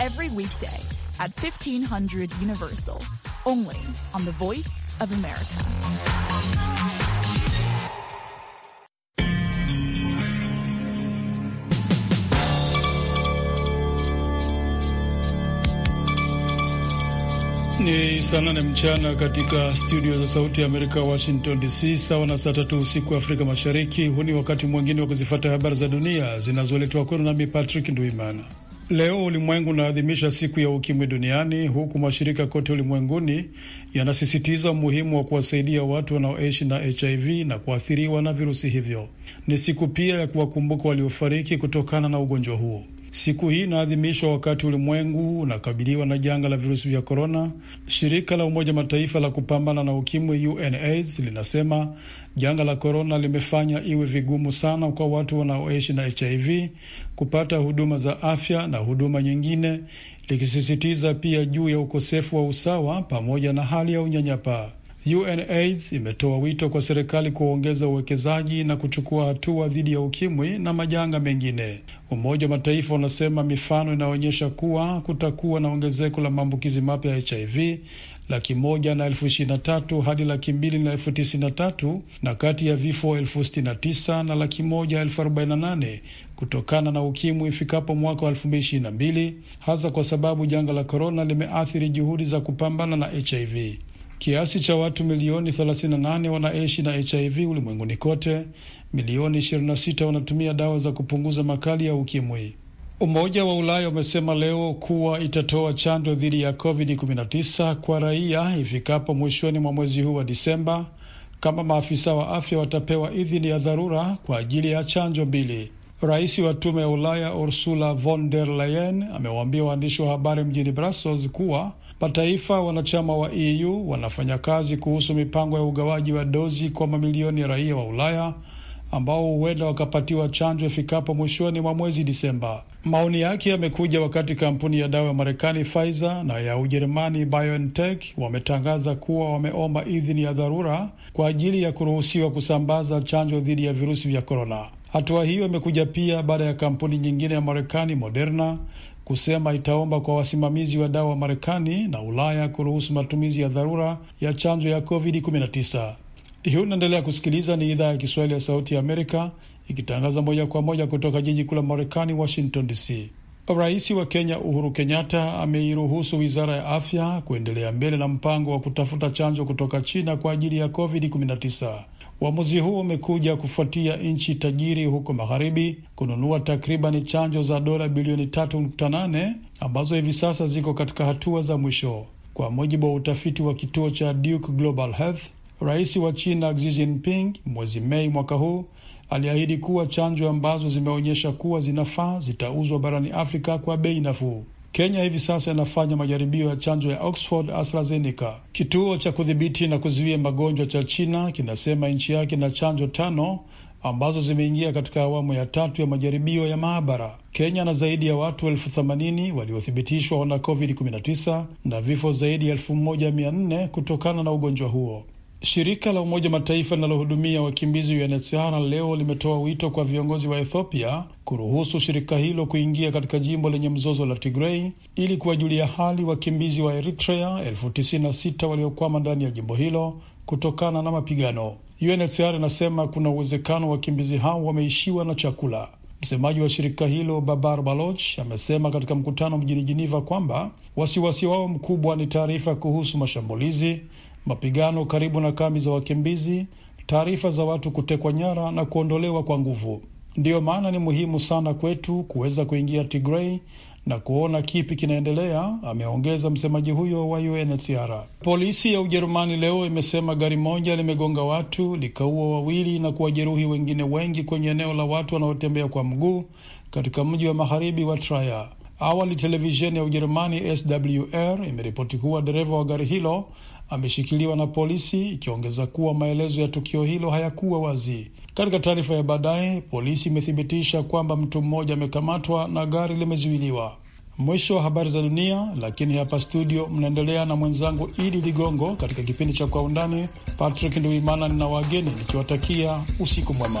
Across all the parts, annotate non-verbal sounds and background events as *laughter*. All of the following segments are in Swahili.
every weekday at 1500 Universal, only on The Voice of America. Ni saa nane mchana katika studio za Sauti ya Amerika, Washington DC, sawa na saa tatu usiku Afrika Mashariki. Huu ni wakati mwingine wa kuzifata habari za dunia zinazoletwa kwenu, nami Patrick Nduimana. Leo ulimwengu unaadhimisha siku ya ukimwi duniani, huku mashirika kote ulimwenguni yanasisitiza umuhimu wa kuwasaidia watu wanaoishi na HIV na kuathiriwa na virusi hivyo. Ni siku pia ya kuwakumbuka waliofariki kutokana na ugonjwa huo. Siku hii inaadhimishwa wakati ulimwengu unakabiliwa na janga la virusi vya korona. Shirika la Umoja Mataifa la kupambana na ukimwi UNAIDS linasema Janga la korona limefanya iwe vigumu sana kwa watu wanaoishi na HIV kupata huduma za afya na huduma nyingine, likisisitiza pia juu ya ukosefu wa usawa pamoja na hali ya unyanyapaa. UNAIDS imetoa wito kwa serikali kuongeza uwekezaji na kuchukua hatua dhidi ya ukimwi na majanga mengine. Umoja wa Mataifa unasema mifano inaonyesha kuwa kutakuwa na ongezeko la maambukizi mapya ya HIV laki moja na elfu ishirini na tatu hadi laki mbili na elfu tisini na tatu na kati ya vifo elfu sitini na tisa na laki moja elfu arobaini na nane kutokana na ukimwi ifikapo mwaka wa elfu mbili ishirini na mbili hasa kwa sababu janga la korona limeathiri juhudi za kupambana na HIV. Kiasi cha watu milioni 38 wanaishi na HIV ulimwenguni kote, milioni 26 wanatumia dawa za kupunguza makali ya ukimwi. Umoja wa Ulaya umesema leo kuwa itatoa chanjo dhidi ya COVID-19 kwa raia ifikapo mwishoni mwa mwezi huu wa Disemba kama maafisa wa afya watapewa idhini ya dharura kwa ajili ya chanjo mbili. Rais wa Tume ya Ulaya Ursula von der Leyen amewaambia waandishi wa habari mjini Brussels kuwa mataifa wanachama wa EU wanafanya kazi kuhusu mipango ya ugawaji wa dozi kwa mamilioni ya raia wa Ulaya ambao huenda wakapatiwa chanjo ifikapo mwishoni mwa mwezi Disemba. Maoni yake yamekuja wakati kampuni ya dawa ya Marekani Pfizer na ya Ujerumani BioNTech wametangaza kuwa wameomba idhini ya dharura kwa ajili ya kuruhusiwa kusambaza chanjo dhidi ya virusi vya korona. Hatua hiyo imekuja pia baada ya kampuni nyingine ya Marekani Moderna kusema itaomba kwa wasimamizi wa dawa wa Marekani na Ulaya kuruhusu matumizi ya dharura ya chanjo ya COVID-19. Hii unaendelea kusikiliza, ni idhaa ya Kiswahili ya Sauti ya Amerika ikitangaza moja kwa moja kutoka jiji kuu la Marekani, Washington DC. Rais wa Kenya Uhuru Kenyatta ameiruhusu wizara ya afya kuendelea mbele na mpango wa kutafuta chanjo kutoka China kwa ajili ya COVID-19. Uamuzi huo umekuja kufuatia nchi tajiri huko magharibi kununua takriban chanjo za dola bilioni 3.8 ambazo hivi sasa ziko katika hatua za mwisho. Kwa mujibu wa utafiti wa kituo cha Duke Global Health, Rais wa China Xi Jinping mwezi Mei mwaka huu aliahidi kuwa chanjo ambazo zimeonyesha kuwa zinafaa zitauzwa barani Afrika kwa bei nafuu. Kenya hivi sasa inafanya majaribio ya chanjo ya Oxford AstraZeneca. Kituo cha kudhibiti na kuzuia magonjwa cha China kinasema nchi yake ina chanjo tano ambazo zimeingia katika awamu ya tatu ya majaribio ya maabara. Kenya na zaidi ya watu elfu themanini waliothibitishwa wana COVID-19 na vifo zaidi ya elfu moja mia nne kutokana na ugonjwa huo. Shirika la Umoja Mataifa linalohudumia wakimbizi UNHCR leo limetoa wito kwa viongozi wa Ethiopia kuruhusu shirika hilo kuingia katika jimbo lenye mzozo la Tigrei ili kuwajulia hali wakimbizi wa Eritrea elfu tisini na sita waliokwama ndani ya jimbo hilo kutokana na mapigano. UNHCR inasema kuna uwezekano wakimbizi hao wameishiwa na chakula. Msemaji wa shirika hilo Babar Baloch amesema katika mkutano mjini Jiniva kwamba wasiwasi wao mkubwa ni taarifa kuhusu mashambulizi mapigano karibu na kambi za wakimbizi, taarifa za watu kutekwa nyara na kuondolewa kwa nguvu. Ndiyo maana ni muhimu sana kwetu kuweza kuingia Tigrei na kuona kipi kinaendelea, ameongeza msemaji huyo wa UNHCR. Polisi ya Ujerumani leo imesema gari moja limegonga watu likaua wawili na kuwajeruhi wengine wengi kwenye eneo la watu wanaotembea kwa mguu katika mji wa magharibi wa Trier. Awali televisheni ya Ujerumani SWR imeripoti kuwa dereva wa gari hilo ameshikiliwa na polisi, ikiongeza kuwa maelezo ya tukio hilo hayakuwa wazi. Katika taarifa ya baadaye, polisi imethibitisha kwamba mtu mmoja amekamatwa na gari limezuiliwa. Mwisho wa habari za dunia, lakini hapa studio mnaendelea na mwenzangu Idi Ligongo katika kipindi cha Kwa Undani. Patrick Nduimana nina wageni nikiwatakia usiku mwema.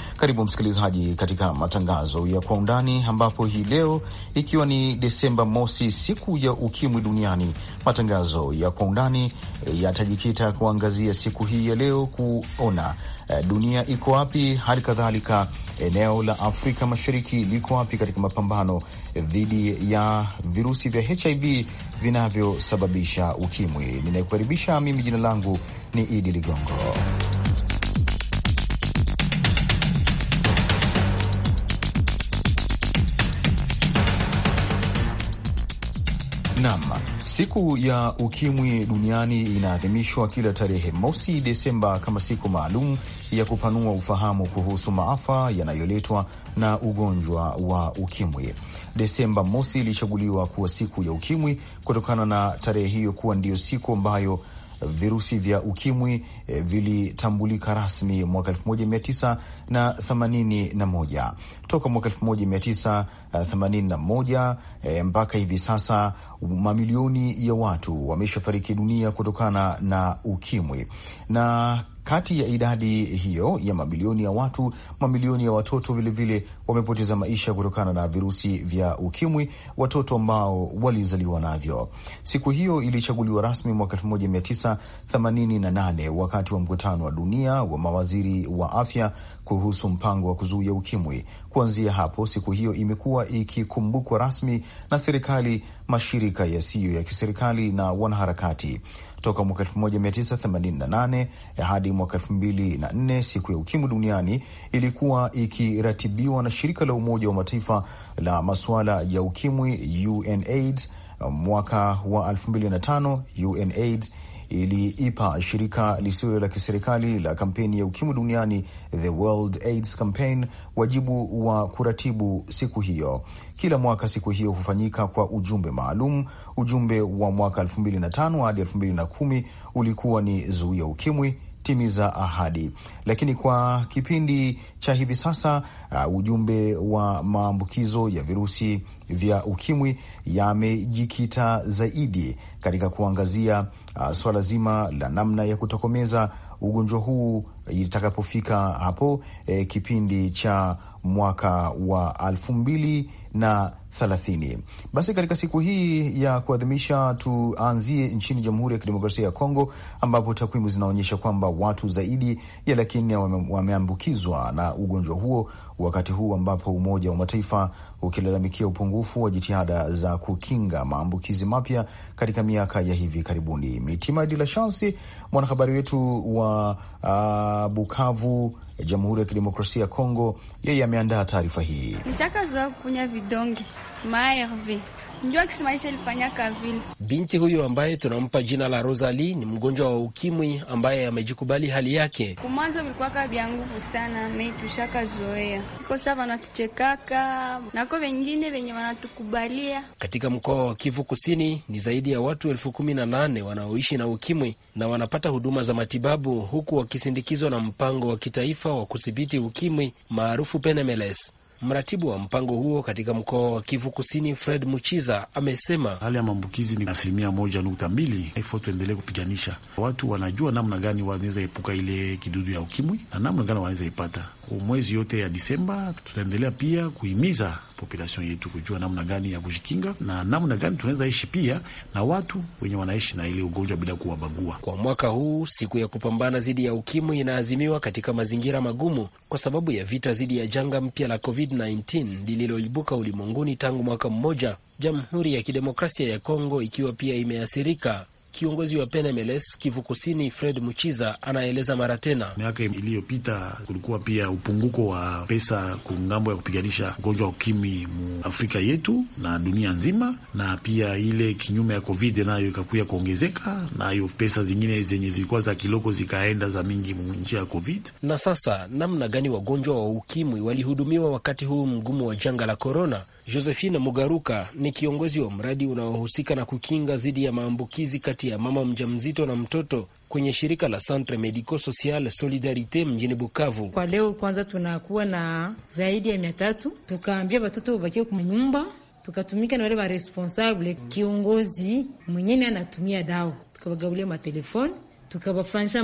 Karibu msikilizaji katika matangazo ya kwa undani, ambapo hii leo ikiwa ni Desemba mosi, siku ya ukimwi duniani, matangazo ya kwa undani eh, yatajikita kuangazia siku hii ya leo, kuona eh, dunia iko wapi, hali kadhalika eneo la Afrika Mashariki liko wapi katika mapambano eh, dhidi ya virusi vya HIV vinavyosababisha ukimwi. Ninayekukaribisha mimi, jina langu ni Idi Ligongo. nam siku ya ukimwi duniani inaadhimishwa kila tarehe mosi Desemba kama siku maalum ya kupanua ufahamu kuhusu maafa yanayoletwa na ugonjwa wa ukimwi. Desemba mosi ilichaguliwa kuwa siku ya ukimwi kutokana na tarehe hiyo kuwa ndiyo siku ambayo virusi vya ukimwi eh, vilitambulika rasmi mwaka 1981. Toka mwaka 1981 eh, mpaka hivi sasa mamilioni ya watu wameshafariki dunia kutokana na ukimwi na kati ya idadi hiyo ya mabilioni ya watu, mamilioni ya watoto vilevile wamepoteza maisha kutokana na virusi vya ukimwi, watoto ambao walizaliwa navyo. Siku hiyo ilichaguliwa rasmi mwaka 1988 wakati wa mkutano wa dunia wa mawaziri wa afya kuhusu mpango wa kuzuia ukimwi. Kuanzia hapo, siku hiyo imekuwa ikikumbukwa rasmi na serikali, mashirika yasiyo ya kiserikali na wanaharakati toka mwaka 1988 hadi mwaka 2004. Siku ya ukimwi duniani ilikuwa ikiratibiwa na shirika la Umoja wa Mataifa la masuala ya ukimwi UNAIDS. Mwaka wa 2005 UNAIDS iliipa shirika lisilo la kiserikali la kampeni ya ukimwi duniani The World AIDS Campaign wajibu wa kuratibu siku hiyo. Kila mwaka siku hiyo hufanyika kwa ujumbe maalum. Ujumbe wa mwaka 2005 hadi 2010 ulikuwa ni zuia ukimwi timiza ahadi. Lakini kwa kipindi cha hivi sasa uh, ujumbe wa maambukizo ya virusi vya ukimwi yamejikita zaidi katika kuangazia uh, swala zima la namna ya kutokomeza ugonjwa huu itakapofika hapo e, kipindi cha mwaka wa elfu mbili na thelathini. Basi katika siku hii ya kuadhimisha, tuanzie nchini Jamhuri ya Kidemokrasia ya Kongo ambapo takwimu zinaonyesha kwamba watu zaidi ya laki nne wameambukizwa na ugonjwa huo wakati huu ambapo Umoja wa Mataifa ukilalamikia upungufu wa jitihada za kukinga maambukizi mapya katika miaka ya hivi karibuni. Mitima De La Chance, mwanahabari wetu wa uh, Bukavu, Jamhuri ya Kidemokrasia ya Kongo, yeye ameandaa taarifa hii. kukunya vidonge njua kisimaisha ilifanyaka vile. Binti huyu ambaye tunampa jina la Rosali ni mgonjwa wa ukimwi ambaye amejikubali hali yake. Kumwanzo vilikuwaka vya nguvu sana, mei tushaka zoea kosa vanatuchekaka nako vengine venye wanatukubalia. Katika mkoa wa Kivu Kusini ni zaidi ya watu elfu kumi na nane wanaoishi na ukimwi na wanapata huduma za matibabu huku wakisindikizwa na mpango wa kitaifa wa kudhibiti ukimwi maarufu Penemeles. Mratibu wa mpango huo katika mkoa wa Kivu Kusini, Fred Muchiza, amesema hali ya maambukizi ni asilimia moja nukta mbili. Ifo tuendelee kupiganisha, watu wanajua namna gani wanaweza epuka ile kidudu ya ukimwi na namna gani wanaweza ipata mwezi yote ya Disemba. Tutaendelea pia kuhimiza population yetu kujua namna gani ya kujikinga na namna gani tunaweza ishi pia na watu wenye wanaishi na ile ugonjwa bila kuwabagua. Kwa mwaka huu siku ya kupambana dhidi ya ukimwi inaazimiwa katika mazingira magumu kwa sababu ya vita dhidi ya janga mpya la COVID-19 lililoibuka ulimwenguni tangu mwaka mmoja, Jamhuri ya Kidemokrasia ya Kongo ikiwa pia imeathirika. Kiongozi wa PNMLS Kivu Kusini, Fred Muchiza, anaeleza mara tena. Miaka iliyopita kulikuwa pia upunguko wa pesa kungambo ya kupiganisha ugonjwa wa ukimwi mu Afrika yetu na dunia nzima, na pia ile kinyume ya Covid nayo ikakuya kuongezeka, nayo pesa zingine zenye zilikuwa za kiloko zikaenda za mingi mu njia ya Covid. Na sasa namna gani wagonjwa wa ukimwi walihudumiwa wakati huu mgumu wa janga la korona? Josephine Mugaruka ni kiongozi wa mradi unaohusika na kukinga dhidi ya maambukizi kati ya mama mjamzito na mtoto kwenye shirika la Centre Medico Social Solidarite mjini Bukavu. Kwa leo kwanza tunakuwa na zaidi ya mia tatu, tukaambia watoto wabakie kwa nyumba, tukatumika na wale wa responsable, kiongozi mwenyene anatumia dawa, tukawagaulia matelefoni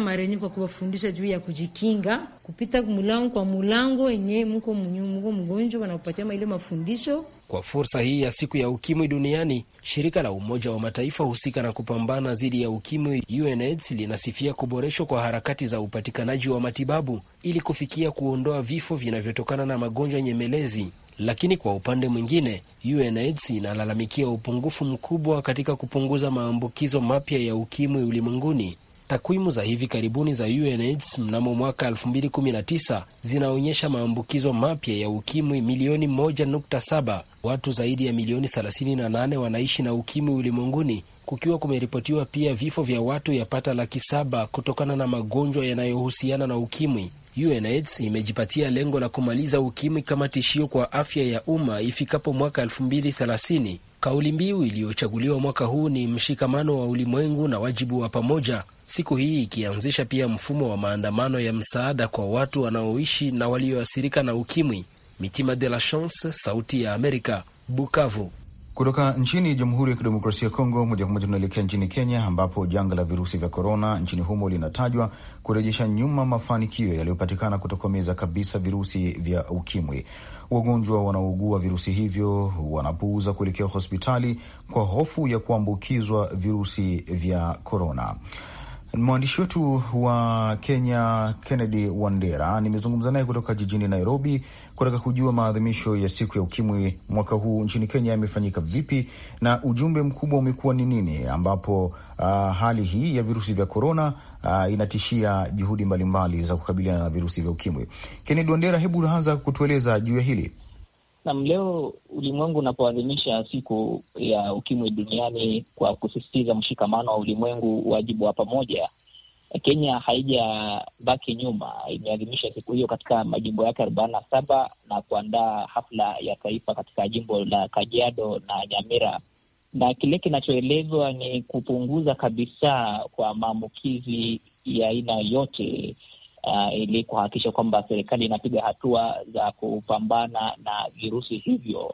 mara yenyewe kwa kuwafundisha juu ya kujikinga kupita mlango kwa mlango enye mko mko mgonjwa, wanaopatia ile mafundisho. Kwa fursa hii ya siku ya ukimwi duniani, shirika la Umoja wa Mataifa husika na kupambana dhidi ya ukimwi UNAIDS linasifia kuboreshwa kwa harakati za upatikanaji wa matibabu ili kufikia kuondoa vifo vinavyotokana na magonjwa nyemelezi. Lakini kwa upande mwingine UNAIDS inalalamikia upungufu mkubwa katika kupunguza maambukizo mapya ya ukimwi ulimwenguni. Takwimu za hivi karibuni za UNAIDS mnamo mwaka 2019 zinaonyesha maambukizo mapya ya ukimwi milioni 1.7. Watu zaidi ya milioni 38 wanaishi na ukimwi ulimwenguni, kukiwa kumeripotiwa pia vifo vya watu yapata laki saba kutokana na magonjwa yanayohusiana na ukimwi. UNAIDS imejipatia lengo la kumaliza ukimwi kama tishio kwa afya ya umma ifikapo mwaka 2030. Kauli mbiu iliyochaguliwa mwaka huu ni mshikamano wa ulimwengu na wajibu wa pamoja, siku hii ikianzisha pia mfumo wa maandamano ya msaada kwa watu wanaoishi na walioathirika na ukimwi. Mitima de la Chance, Sauti ya Amerika, Bukavu. Kutoka nchini Jamhuri ya Kidemokrasia ya Kongo moja kwa moja tunaelekea nchini Kenya, ambapo janga la virusi vya korona nchini humo linatajwa kurejesha nyuma mafanikio yaliyopatikana kutokomeza kabisa virusi vya ukimwi. Wagonjwa wanaougua virusi hivyo wanapuuza kuelekea hospitali kwa hofu ya kuambukizwa virusi vya korona. Mwandishi wetu wa Kenya Kennedy Wandera nimezungumza naye kutoka jijini Nairobi kutaka kujua maadhimisho ya siku ya ukimwi mwaka huu nchini Kenya yamefanyika vipi na ujumbe mkubwa umekuwa ni nini, ambapo uh, hali hii ya virusi vya korona uh, inatishia juhudi mbalimbali za kukabiliana na virusi vya ukimwi. Kennedy Wandera, hebu unaanza kutueleza juu ya hili. Nam, leo ulimwengu unapoadhimisha siku ya ukimwi duniani kwa kusisitiza mshikamano wa ulimwengu, wajibu wa pamoja, Kenya haijabaki nyuma. Imeadhimisha siku hiyo katika majimbo yake arobaini na saba na kuandaa hafla ya taifa katika jimbo la Kajiado na Nyamira na kile kinachoelezwa ni kupunguza kabisa kwa maambukizi ya aina yote, uh, ili kuhakikisha kwamba serikali inapiga hatua za kupambana na virusi hivyo.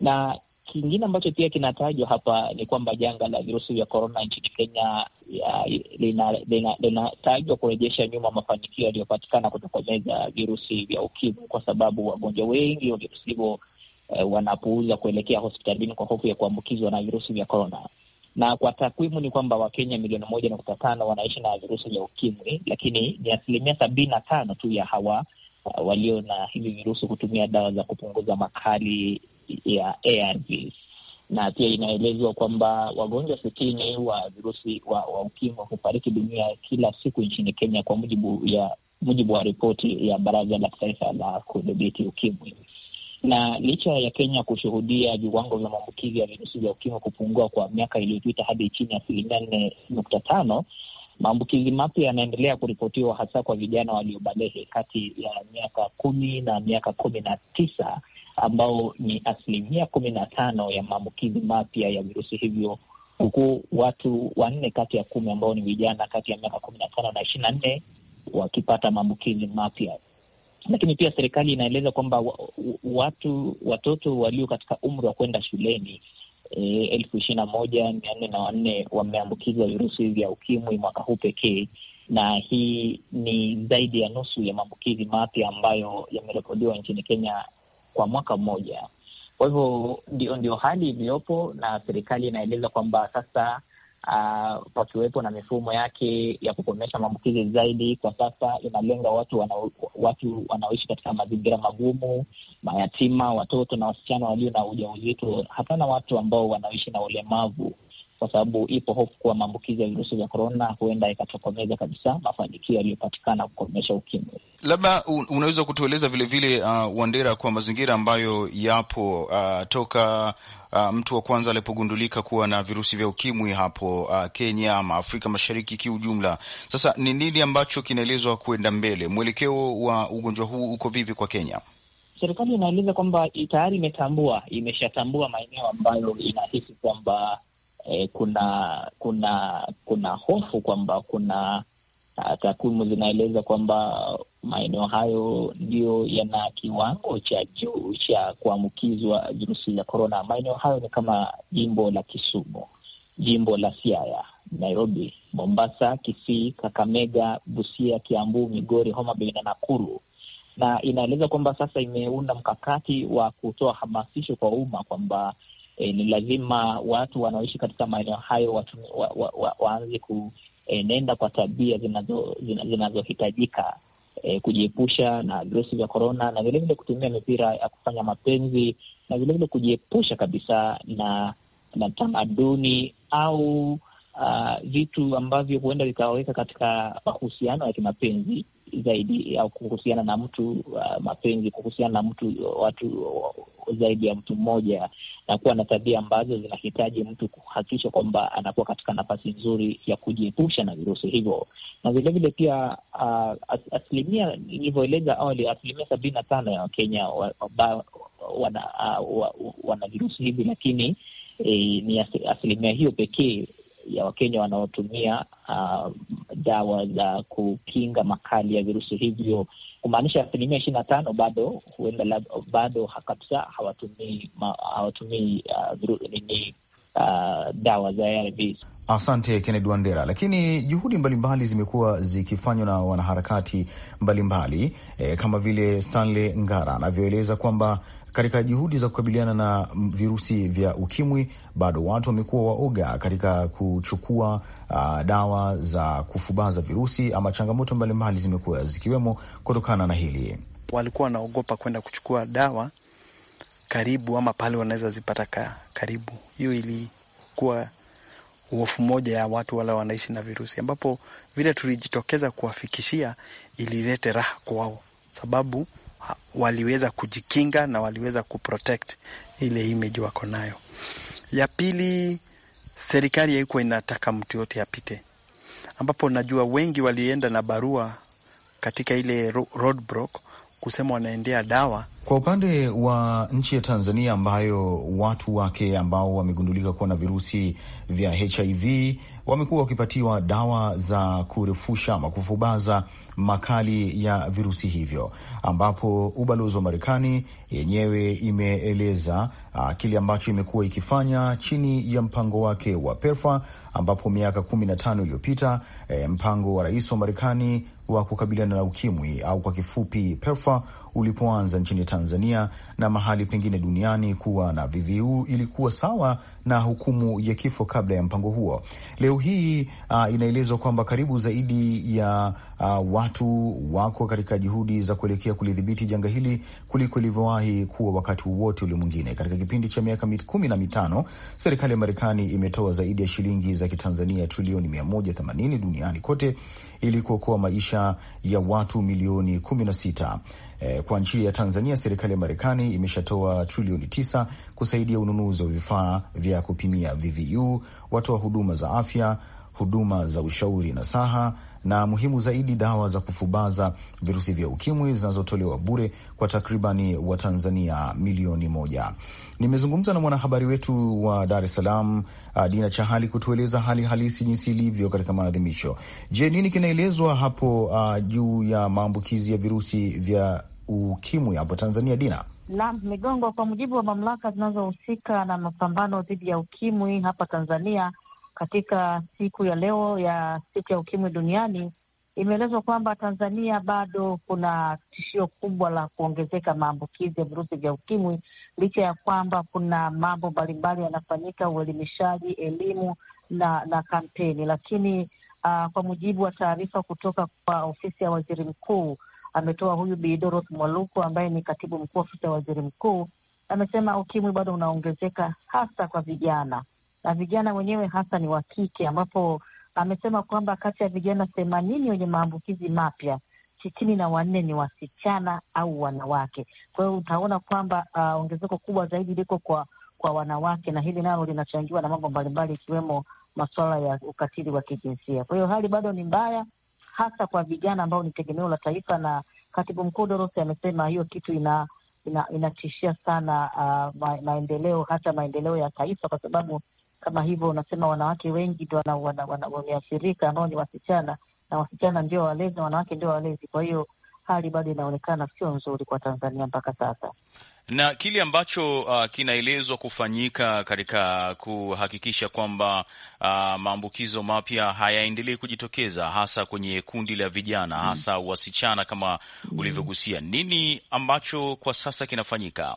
Na kingine ambacho pia kinatajwa hapa ni kwamba janga la virusi vya korona nchini Kenya uh, linatajwa kurejesha nyuma mafanikio yaliyopatikana kutokomeza virusi vya ukimwi, kwa sababu wagonjwa wengi wa virusi hivyo uh, eh, wanapouza kuelekea hospitalini kwa hofu ya kuambukizwa na virusi vya korona. Na kwa takwimu ni kwamba Wakenya milioni moja nukta tano wanaishi na virusi vya ukimwi, lakini ni asilimia sabini na tano tu ya hawa uh, walio na hivi virusi hutumia dawa za kupunguza makali ya ARVs na pia inaelezwa kwamba wagonjwa sitini wa virusi wa, wa ukimwi hufariki dunia kila siku nchini Kenya, kwa mujibu ya mujibu wa ripoti ya Baraza la Kitaifa la Kudhibiti Ukimwi na licha ya Kenya kushuhudia viwango vya maambukizi ya virusi vya ukimwi kupungua kwa miaka iliyopita hadi chini ya asilimia nne nukta tano maambukizi mapya yanaendelea kuripotiwa hasa kwa vijana waliobalehe kati ya miaka kumi na miaka kumi na tisa ambao ni asilimia kumi na tano ya maambukizi mapya ya virusi hivyo, huku watu wanne kati ya kumi ambao ni vijana kati ya miaka kumi na tano na ishirini na nne wakipata maambukizi mapya. Lakini pia serikali inaeleza kwamba watu watoto walio katika umri wa kwenda shuleni e, elfu ishirini na moja mia nne na wanne wameambukizwa virusi vya ukimwi mwaka huu pekee, na hii ni zaidi ya nusu ya maambukizi mapya ambayo yamerekodiwa nchini Kenya kwa mwaka mmoja. Kwa hivyo ndio ndio hali iliyopo, na serikali inaeleza kwamba sasa uh, pakiwepo na mifumo yake ya kukomesha maambukizi zaidi. Kwa sasa inalenga watu wana, watu wanaoishi katika mazingira magumu, mayatima, watoto na wasichana walio na ujauzito, hata na watu ambao wanaoishi na ulemavu, kwa sababu ipo hofu kuwa maambukizi ya virusi vya korona huenda ikatokomeza kabisa mafanikio yaliyopatikana kukomesha ukimwi. Labda unaweza kutueleza vilevile, uh, Wandera, kwa mazingira ambayo yapo uh, toka uh, mtu wa kwanza alipogundulika kuwa na virusi vya ukimwi hapo uh, Kenya ama Afrika Mashariki kiujumla. Sasa ni nini ambacho kinaelezwa kuenda mbele? Mwelekeo wa ugonjwa huu uko vipi kwa Kenya? Serikali inaeleza kwamba tayari imetambua, imeshatambua maeneo ambayo inahisi kwamba eh, kuna kuna kuna hofu kwamba kuna Uh, takwimu zinaeleza kwamba maeneo hayo ndiyo yana kiwango cha juu cha kuambukizwa virusi vya korona. Maeneo hayo ni kama jimbo la Kisumu, jimbo la Siaya, Nairobi, Mombasa, Kisii, Kakamega, Busia, Kiambu, Migori, Homa Bay na Nakuru. Na inaeleza kwamba sasa imeunda mkakati wa kutoa hamasisho kwa umma kwamba eh, ni lazima watu wanaoishi katika maeneo hayo waanze wa, wa, wa, ku e, nenda kwa tabia zinazohitajika zinazo, zinazo e, kujiepusha na virusi vya korona na vilevile kutumia mipira ya kufanya mapenzi na vilevile kujiepusha kabisa na na tamaduni au uh, vitu ambavyo huenda vikawaweka katika mahusiano ya kimapenzi zaidi au kuhusiana na mtu uh, mapenzi kuhusiana na mtu watu uh, zaidi ya mtu mmoja, na kuwa na tabia ambazo zinahitaji mtu kuhakikisha kwamba anakuwa katika nafasi nzuri ya kujiepusha na virusi hivyo. Na vilevile pia uh, as, asilimia nilivyoeleza awali, asilimia sabini na tano ya Wakenya ambao wana, uh, wana virusi hivi, lakini eh, ni asilimia hiyo pekee ya Wakenya wanaotumia uh, dawa za kukinga makali ya virusi hivyo, kumaanisha asilimia ishirini na tano bado huenda bado kabisa hawatumii hawatumii uh, nini uh, dawa za ARVs. Asante Kennedy Wandera. Lakini juhudi mbalimbali zimekuwa zikifanywa na wanaharakati mbalimbali mbali, eh, e, kama vile Stanley Ngara anavyoeleza kwamba katika juhudi za kukabiliana na virusi vya ukimwi, bado watu wamekuwa waoga katika kuchukua uh, dawa za kufubaza virusi ama changamoto mbalimbali zimekuwa zikiwemo kutokana na hili. Walikuwa wanaogopa kwenda kuchukua dawa karibu ama pale wanaweza zipata ka, karibu. Hiyo ilikuwa hofu moja ya watu wala wanaishi na virusi, ambapo vile tulijitokeza kuwafikishia ililete raha kwao, sababu waliweza kujikinga na waliweza kuprotect ile image wako nayo. Ya pili, serikali haikuwa inataka mtu yote apite, ambapo najua wengi walienda na barua katika ile roadblock kusema wanaendea dawa. Kwa upande wa nchi ya Tanzania ambayo watu wake ambao wamegundulika kuwa na virusi vya HIV wamekuwa wakipatiwa dawa za kurefusha ama kufubaza makali ya virusi hivyo, ambapo ubalozi wa Marekani yenyewe imeeleza uh, kile ambacho imekuwa ikifanya chini ya mpango wake wa PEPFAR, ambapo miaka kumi na tano iliyopita eh, mpango wa rais wa Marekani wa kukabiliana na ukimwi au kwa kifupi PEPFAR ulipoanza nchini Tanzania na mahali pengine duniani kuwa na VVU ilikuwa sawa na hukumu ya kifo kabla ya mpango huo. Leo hii uh, inaelezwa kwamba karibu zaidi ya uh, watu wako katika juhudi za kuelekea kulidhibiti janga hili kuliko ilivyowahi kuwa wakati wowote ule mwingine. Katika kipindi cha miaka kumi na mitano serikali ya Marekani imetoa zaidi ya shilingi za Kitanzania trilioni 180 duniani kote ili kuokoa maisha ya watu milioni 16. E, kwa nchi ya Tanzania serikali ya Marekani imeshatoa trilioni tisa kusaidia ununuzi wa vifaa vya kupimia VVU, watoa huduma za afya, huduma za ushauri na saha na muhimu zaidi, dawa za kufubaza virusi vya ukimwi zinazotolewa bure kwa takribani Watanzania milioni moja. Nimezungumza na mwanahabari wetu wa Dar es Salaam uh, Dina Chahali kutueleza hali halisi jinsi ilivyo katika maadhimisho. Je, nini kinaelezwa hapo uh, juu ya maambukizi ya virusi vya ukimwi hapo Tanzania, Dina? Naam, Migongo, kwa mujibu wa mamlaka zinazohusika na mapambano dhidi ya ukimwi hapa Tanzania katika siku ya leo ya siku ya ukimwi duniani imeelezwa kwamba Tanzania bado kuna tishio kubwa la kuongezeka maambukizi ya virusi vya ukimwi, licha ya kwamba kuna mambo mbalimbali yanafanyika, uelimishaji, elimu na na kampeni. Lakini uh, kwa mujibu wa taarifa kutoka kwa ofisi ya waziri mkuu ametoa huyu Bi Dorothy Mwaluku ambaye ni katibu mkuu ofisi ya waziri mkuu, amesema ukimwi bado unaongezeka hasa kwa vijana na vijana wenyewe hasa ni wa kike, ambapo amesema kwamba kati ya vijana themanini wenye maambukizi mapya sitini na wanne ni wasichana au wanawake. Kwa hiyo utaona kwamba uh, ongezeko kubwa zaidi liko kwa kwa wanawake, na hili nalo linachangiwa na mambo mbalimbali ikiwemo masuala ya ukatili wa kijinsia. Kwa hiyo hali bado ni mbaya, hasa kwa vijana ambao ni tegemeo la taifa, na katibu mkuu Dorothy amesema hiyo kitu ina inatishia ina sana uh, ma, maendeleo hata maendeleo ya taifa, kwa sababu kama hivyo unasema wanawake wengi ndo wameathirika ambao ni wasichana, na wasichana ndio walezi na wanawake ndio walezi. Kwa hiyo hali bado inaonekana sio nzuri kwa Tanzania mpaka sasa, na kile ambacho uh, kinaelezwa kufanyika katika kuhakikisha kwamba uh, maambukizo mapya hayaendelei kujitokeza hasa kwenye kundi la vijana mm. hasa mm, wasichana kama mm, ulivyogusia. Nini ambacho kwa sasa kinafanyika?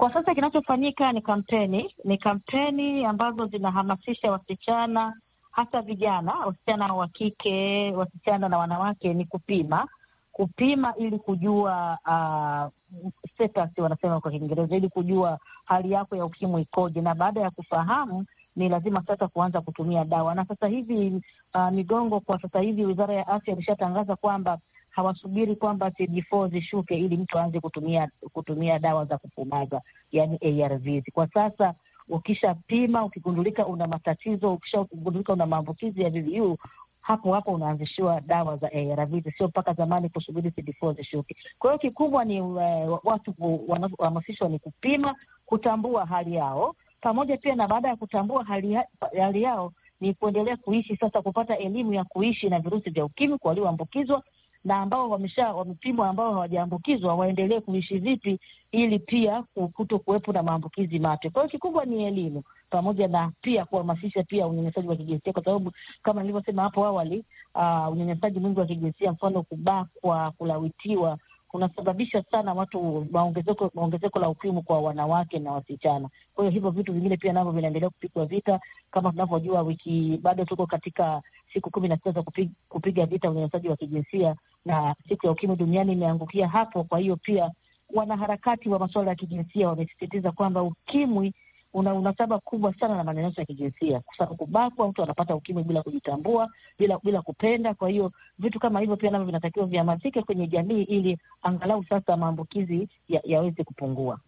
Kwa sasa kinachofanyika ni kampeni, ni kampeni ambazo zinahamasisha wasichana, hasa vijana, wasichana wa kike, wasichana na wanawake, ni kupima kupima ili kujua uh, status wanasema kwa Kiingereza, ili kujua hali yako ya ukimwi ikoje, na baada ya kufahamu ni lazima sasa kuanza kutumia dawa. Na sasa hivi uh, Migongo, kwa sasa hivi wizara ya afya ilishatangaza kwamba hawasubiri kwamba stage zishuke ili mtu aanze kutumia kutumia dawa za kufumaza, yani ARVs. Kwa sasa ukishapima, ukigundulika una matatizo, ukishagundulika una maambukizi ya VVU hapo hapo unaanzishiwa dawa za ARV, sio mpaka zamani kusubiri CD4 zishuke. Kwa hiyo kikubwa ni uh, watu wanahamasishwa ni kupima, kutambua hali yao, pamoja pia na baada ya kutambua hali, hali yao ni kuendelea kuishi sasa, kupata elimu ya kuishi na virusi vya ukimwi kwa walioambukizwa na ambao wamesha wamepimwa ambao hawajaambukizwa waendelee kuishi vipi, ili pia kuto kuwepo na maambukizi mapya. Kwa hiyo kikubwa ni elimu pamoja na pia kuhamasisha pia unyanyasaji wa kijinsia, kwa sababu kama nilivyosema hapo awali, uh, unyanyasaji mwingi wa kijinsia, mfano kubakwa, kulawitiwa kunasababisha sana watu maongezeko maongezeko la ukimwi kwa wanawake na wasichana. Kwa hiyo hivyo vitu vingine pia navyo vinaendelea kupigwa vita. Kama tunavyojua, wiki bado tuko katika siku kumi na sita za kupiga, vita unyanyasaji wa kijinsia na siku ya ukimwi duniani imeangukia hapo. Kwa hiyo pia wanaharakati wa masuala ya kijinsia wamesisitiza kwamba ukimwi una unasaba kubwa sana na manyanyaso ya kijinsia, kwa sababu kubakwa, mtu anapata ukimwi bila kujitambua, bila bila kupenda. Kwa hiyo vitu kama hivyo pia navyo vinatakiwa vihamasike kwenye jamii, ili angalau sasa maambukizi yaweze ya kupungua.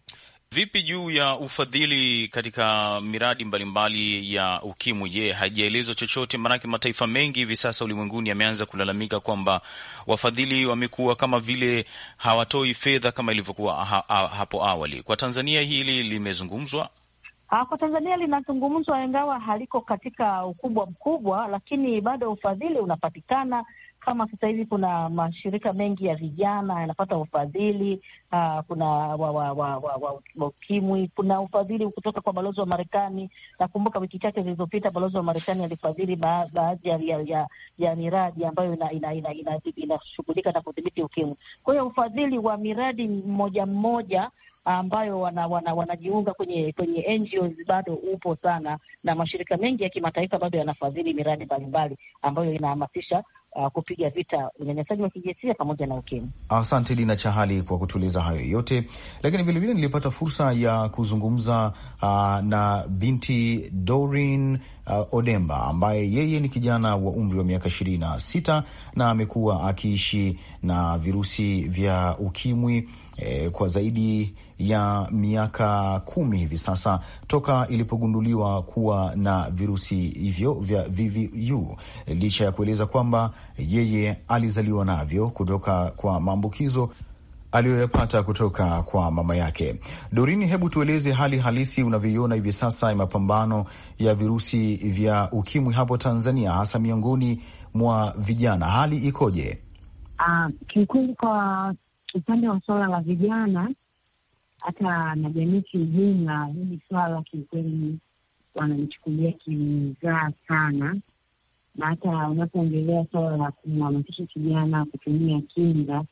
Vipi juu ya ufadhili katika miradi mbalimbali mbali ya ukimwi? Je, haijaelezwa chochote? Maanake mataifa mengi hivi sasa ulimwenguni yameanza kulalamika kwamba wafadhili wamekuwa kama vile hawatoi fedha kama ilivyokuwa ha ha hapo awali. Kwa Tanzania hili limezungumzwa? Kwa Tanzania linazungumzwa, ingawa haliko katika ukubwa mkubwa, lakini bado ufadhili unapatikana kama sasa hivi kuna mashirika mengi ya vijana yanapata ufadhili uh, kuna wa, wa, wa, wa, wa ukimwi, kuna ufadhili kutoka kwa balozi wa Marekani. Nakumbuka wiki chache zilizopita balozi wa Marekani alifadhili baadhi ya, ya, ya, ya miradi ambayo inashughulika ina, ina, ina, ina, ina na kudhibiti ukimwi. Kwa hiyo ufadhili wa miradi mmoja mmoja ambayo wanajiunga wana, wana kwenye kwenye NGOs bado upo sana, na mashirika mengi ya kimataifa bado yanafadhili miradi mbalimbali ambayo inahamasisha uh, kupiga vita unyanyasaji wa kijinsia pamoja na ukimwi. Asante Dina Chahali kwa kutueleza hayo yote, lakini vilevile nilipata fursa ya kuzungumza uh, na binti Dorin uh, Odemba ambaye yeye ni kijana wa umri wa miaka ishirini na sita na amekuwa akiishi na virusi vya ukimwi eh, kwa zaidi ya miaka kumi hivi sasa toka ilipogunduliwa kuwa na virusi hivyo vya VVU, licha ya kueleza kwamba yeye alizaliwa navyo kutoka kwa maambukizo aliyoyapata kutoka kwa mama yake. Dorini, hebu tueleze hali halisi unavyoiona hivi sasa ya mapambano ya virusi vya ukimwi hapo Tanzania, hasa miongoni mwa vijana, hali ikoje? Uh, kiukweli kwa upande wa suala la vijana hata na jamii kiujumla, hili swala kiukweli wanalichukulia kimzaa sana, na hata unapoongelea swala la kumhamasisha kijana kutumia kinga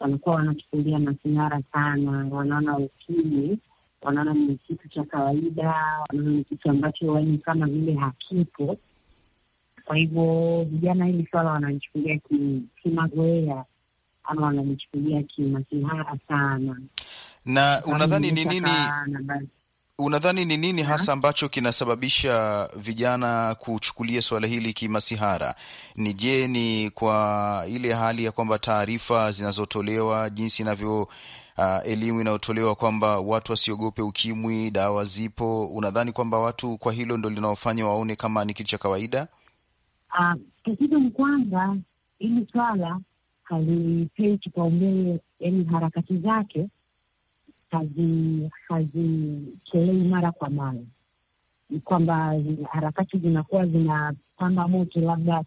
walikuwa wanachukulia masingara sana, wanaona ukimwi, wanaona ni kitu cha kawaida, wanaona ni kitu ambacho wani kama vile hakipo. Kwa hivyo vijana hili swala wanalichukulia kimazoea ama wanalichukulia kimasihara sana. Na unadhani ni nini Unadhani ni nini mhm. hasa ambacho kinasababisha vijana kuchukulia suala hili kimasihara? Ni je, ni kwa ile hali ya kwamba taarifa zinazotolewa jinsi inavyo uh, elimu inayotolewa kwamba watu wasiogope ukimwi, dawa zipo. Unadhani kwamba watu kwa hilo ndo linaofanya waone kama ni kitu cha kawaida? Uh, tatizo ni kwamba hili swala halipewi kipaumbele, yani harakati zake hazitolewi mara kwa mara, ni kwamba harakati zinakuwa zinapamba moto, labda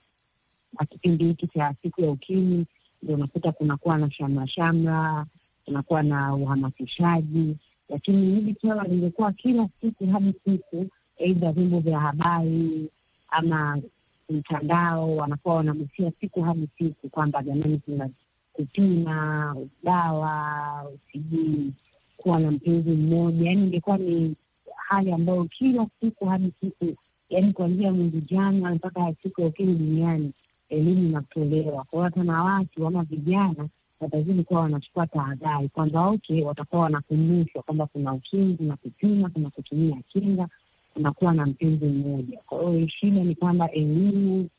kwa kipindi hiki cha siku ya Ukimwi ndio unakuta kunakuwa na shamra shamra, kunakuwa na uhamasishaji, lakini hili swala lingekuwa kila siku hadi siku, aidha vyombo vya habari ama mtandao wanakuwa wanagusia siku hadi siku kwamba jamani, kuna kupima dawa, sijui kuwa na mpenzi mmoja. Yani ingekuwa ni hali ambayo kila siku hadi siku, yani kuanzia mwezi jana mpaka siku ya ukimwi duniani elimu inatolewa. kwao, hata na watu ama vijana watazidi kuwa wanachukua tahadhari kwamba okay, watakuwa wanakumbushwa kwamba kuna ukimwi, kuna kupima, kuna kutumia kinga, kunakuwa na mpenzi mmoja. Kwa hiyo shida ni kwamba elimu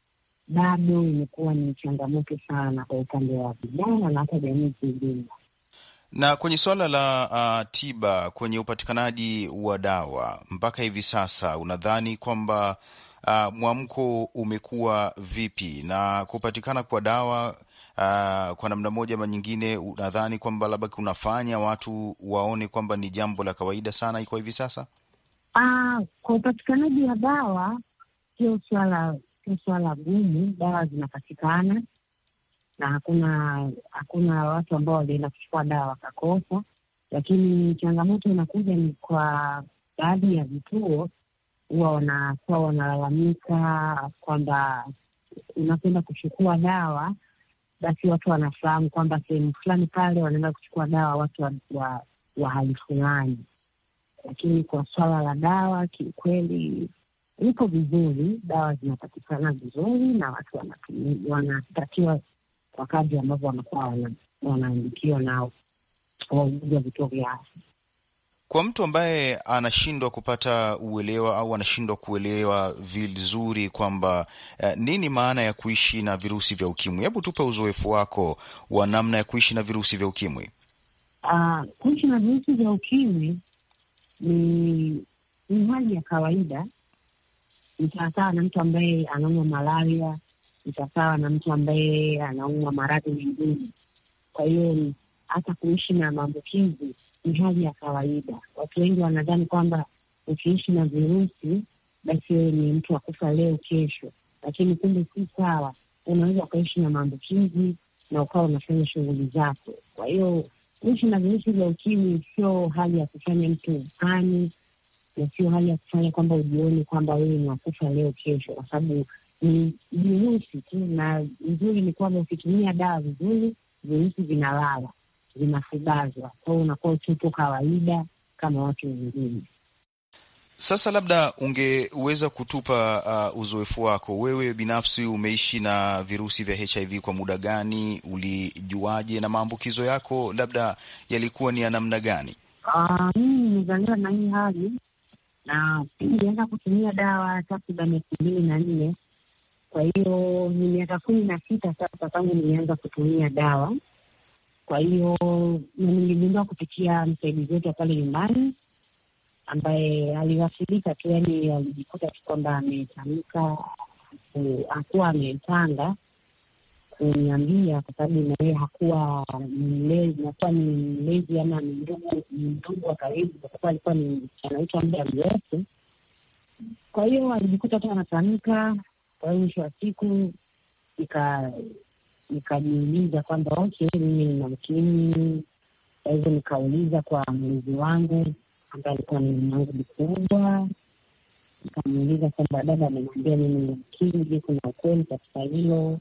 bado imekuwa ni changamoto sana kwa upande wa vijana na hata jamii kiujumla. Na kwenye suala la uh, tiba kwenye upatikanaji wa dawa mpaka hivi sasa, unadhani kwamba uh, mwamko umekuwa vipi na kupatikana kwa dawa Uh, kwa namna moja ama nyingine unadhani kwamba labda kunafanya watu waone kwamba ni jambo la kawaida sana kwa hivi sasa? Uh, kwa upatikanaji wa dawa sio swala sio swala gumu, dawa zinapatikana, na hakuna hakuna watu ambao walienda kuchukua dawa wakakosa. Lakini changamoto inakuja ni kwa baadhi ya vituo huwa wanakuwa wanalalamika kwamba unapenda kuchukua dawa, basi watu wanafahamu kwamba sehemu fulani pale wanaenda kuchukua dawa watu wa, wa, wa hali fulani. Lakini kwa swala la dawa kiukweli iko vizuri, dawa zinapatikana vizuri na watu wanapatiwa kwa kazi ambavyo wanakuwa wanaandikiwa na wauguzi wa vituo vya afya. Kwa mtu ambaye anashindwa kupata uelewa au anashindwa kuelewa vizuri kwamba eh, nini maana ya kuishi na virusi vya ukimwi, hebu tupe uzoefu wako wa namna ya kuishi na virusi vya ukimwi. Uh, kuishi na virusi vya ukimwi ni ni hali ya kawaida, ni sawasawa na mtu ambaye anaumwa malaria ni na mtu ambaye anaumwa maradhi mengine. Kwa hiyo hata kuishi na maambukizi ni hali ya kawaida. Watu wengi wanadhani kwamba ukiishi na virusi basi wewe ni mtu akufa leo kesho, lakini kumbe si sawa. Unaweza ukaishi na maambukizi na ukawa unafanya shughuli zako. Kwa hiyo kuishi na virusi vya ukimwi sio hali ya kufanya mtu ufani na sio hali ya kufanya kwamba ujione kwamba wewe ni wakufa leo kesho, kwa sababu ni virusi tu, na nzuri ni kwamba ukitumia dawa vizuri, virusi vinalala, vinafubazwa, kwa hiyo unakuwa utupo kawaida kama watu wengine. Sasa labda ungeweza kutupa uh, uzoefu wako wewe binafsi, umeishi na virusi vya HIV kwa muda gani? Ulijuaje? na maambukizo yako labda yalikuwa ni ya namna gani? Ah, mimi uh, nimezaliwa na hii hali na *clears throat* nilianza kutumia dawa takriban elfu mbili na nne kwa hiyo ni miaka kumi na sita sasa tangu nimeanza kutumia dawa. Kwa hiyo niligundua kupitia msaidizi wetu wa pale nyumbani ambaye aliwasilika tu, yani alijikuta tu kwamba ametamka, hakuwa amepanga kuniambia, kwa sababu na yeye hakuwa mlezi, nakuwa ni mlezi ama ni ndugu, ni ndugu wa karibu, kwa sababu alikuwa ni anaitwa muda mrefu. Kwa hiyo alijikuta tu anatamka kwa hiyo mwisho wa siku nikajiuliza kwamba okay, mimi nina ukimwi. Kwa hivyo nikauliza kwa mlezi wangu ambaye alikuwa ni mama mkubwa, nikamuuliza kwamba dada ameniambia mimi nina ukimwi, je, kuna ukweli katika hilo?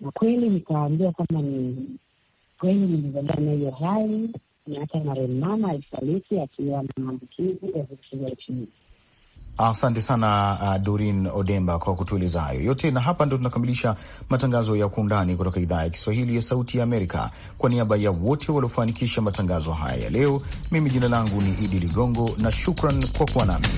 Na kweli nikaambiwa kwamba ni kweli, nilizaliwa na hiyo hali na hata marehemu mama alifariki akiwa na maambukizi ya virusi vya ukimwi. Asante sana uh, Dorin Odemba kwa kutueleza hayo yote, na hapa ndo tunakamilisha matangazo ya Kwa Undani kutoka idhaa ya Kiswahili ya Sauti ya Amerika. Kwa niaba ya wote waliofanikisha matangazo haya ya leo, mimi jina langu ni Idi Ligongo na shukran kwa kuwa nami.